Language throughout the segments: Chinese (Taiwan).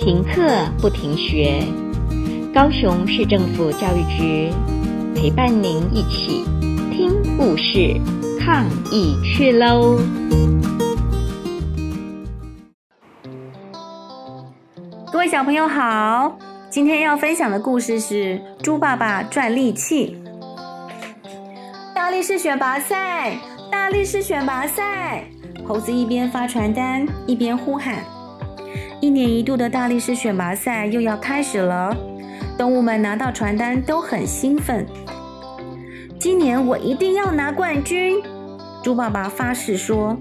停課不停學，高雄市政府教育局陪伴您一起聽故事、抗疫去嘍！各位小朋友好，今天要分享的故事是《豬爸爸賺力氣》。大力士選拔賽，大力士選拔賽，猴子一邊發傳單一邊呼喊。一年一度的大力士選拔賽又要開始了，動物們拿到傳單都很興奮。今年我一定要拿冠軍！豬爸爸發誓說。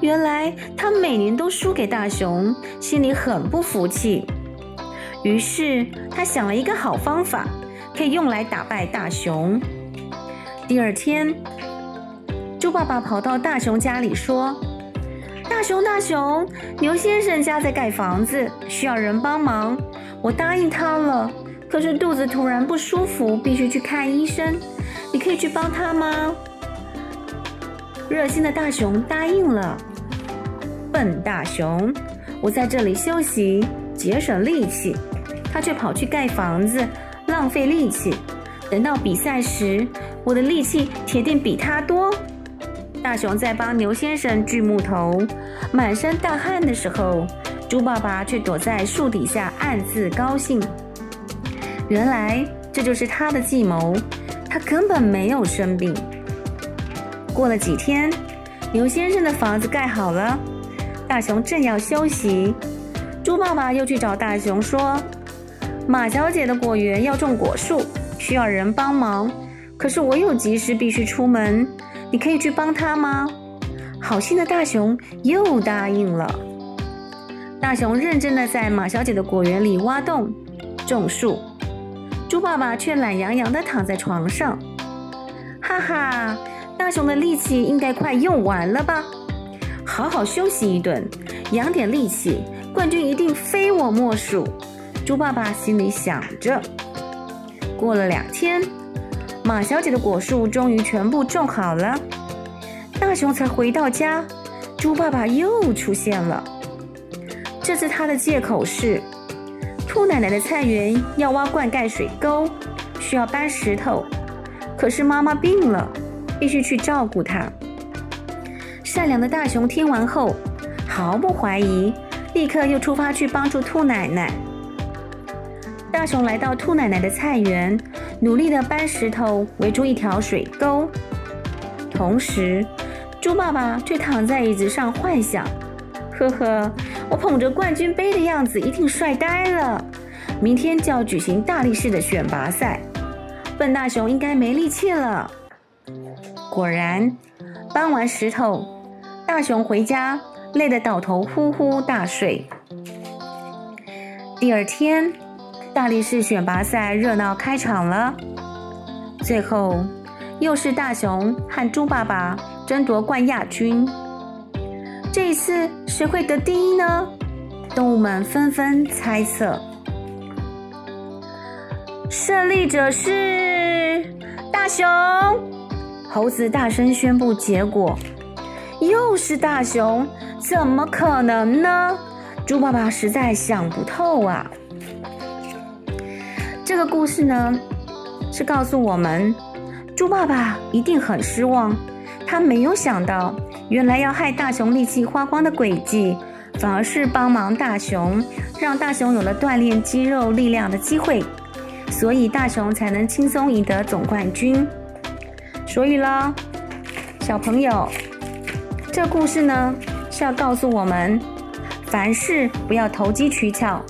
原來他每年都輸給大熊，心裡很不服氣。於是他想了一個好方法，可以用來打敗大熊。第二天，豬爸爸跑到大熊家裡說。大熊，大熊，牛先生家在蓋房子，需要人幫忙。我答應他了，可是肚子突然不舒服，必須去看醫生。你可以去幫他嗎？熱心的大熊答應了。笨大熊，我在這裡休息，節省力氣。他却跑去蓋房子，浪費力氣。等到比賽時，我的力氣鐵定比他多。大熊在幫牛先生鋸木頭，滿身大汗的時候，豬爸爸卻躲在樹底下暗自高興。原來這就是他的計謀，他根本沒有生病。過了幾天，牛先生的房子蓋好了，大熊正要休息，豬爸爸又去找大熊說：“馬小姐的果園要種果樹，需要人幫忙，可是我有急事必須出門。”你可以去幫他嗎？好心的大熊又答應了。大熊認真的在馬小姐的果園裡挖洞、種樹，豬爸爸卻懶洋洋的躺在床上。哈哈，大熊的力氣應該快用完了吧？好好休息一頓，養點力氣，冠軍一定非我莫屬。豬爸爸心裡想着。過了兩天。馬小姐的果樹終於全部種好了，大熊才回到家。豬爸爸又出現了，這次他的借口是兔奶奶的菜園要挖灌溉水溝，需要搬石頭。可是媽媽病了，必須去照顧她。善良的大熊聽完後，毫不懷疑，立刻又出發去幫助兔奶奶。大熊來到兔奶奶的菜園，努力地搬石頭，圍住一條水溝。同時，豬爸爸卻躺在椅子上幻想：“呵呵，我捧着冠軍杯的樣子一定帥呆了。明天就要舉行大力士的選拔賽，笨大熊應該沒力氣了。”果然，搬完石頭，大熊回家，累得倒頭呼呼大睡。第二天。大力士選拔賽熱鬧開場了，最後又是大熊和豬爸爸爭奪冠亞軍。這一次誰會得第一呢？動物們紛紛猜測。勝利者是大熊，猴子大聲宣布結果。又是大熊，怎麼可能呢？豬爸爸實在想不透啊。這個故事呢，是告訴我們，豬爸爸一定很失望，他沒有想到，原來要害大熊力氣花光的詭計，反而是幫忙大熊，讓大熊有了鍛鍊肌肉力量的機會，所以大熊才能輕鬆贏得總冠軍。所以啦，小朋友，這故事呢，是要告訴我們，凡事不要投機取巧，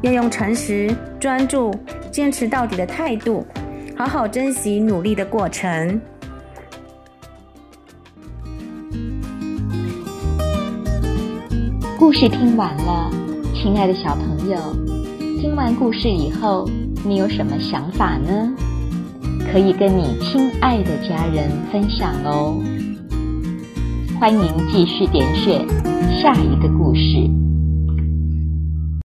要用誠實專注堅持到底的態度，好好珍惜努力的過程。故事聽完了，親愛的小朋友，聽完故事以後，你有什麼想法呢？可以跟你親愛的家人分享哦。歡迎繼續點選下一個故事。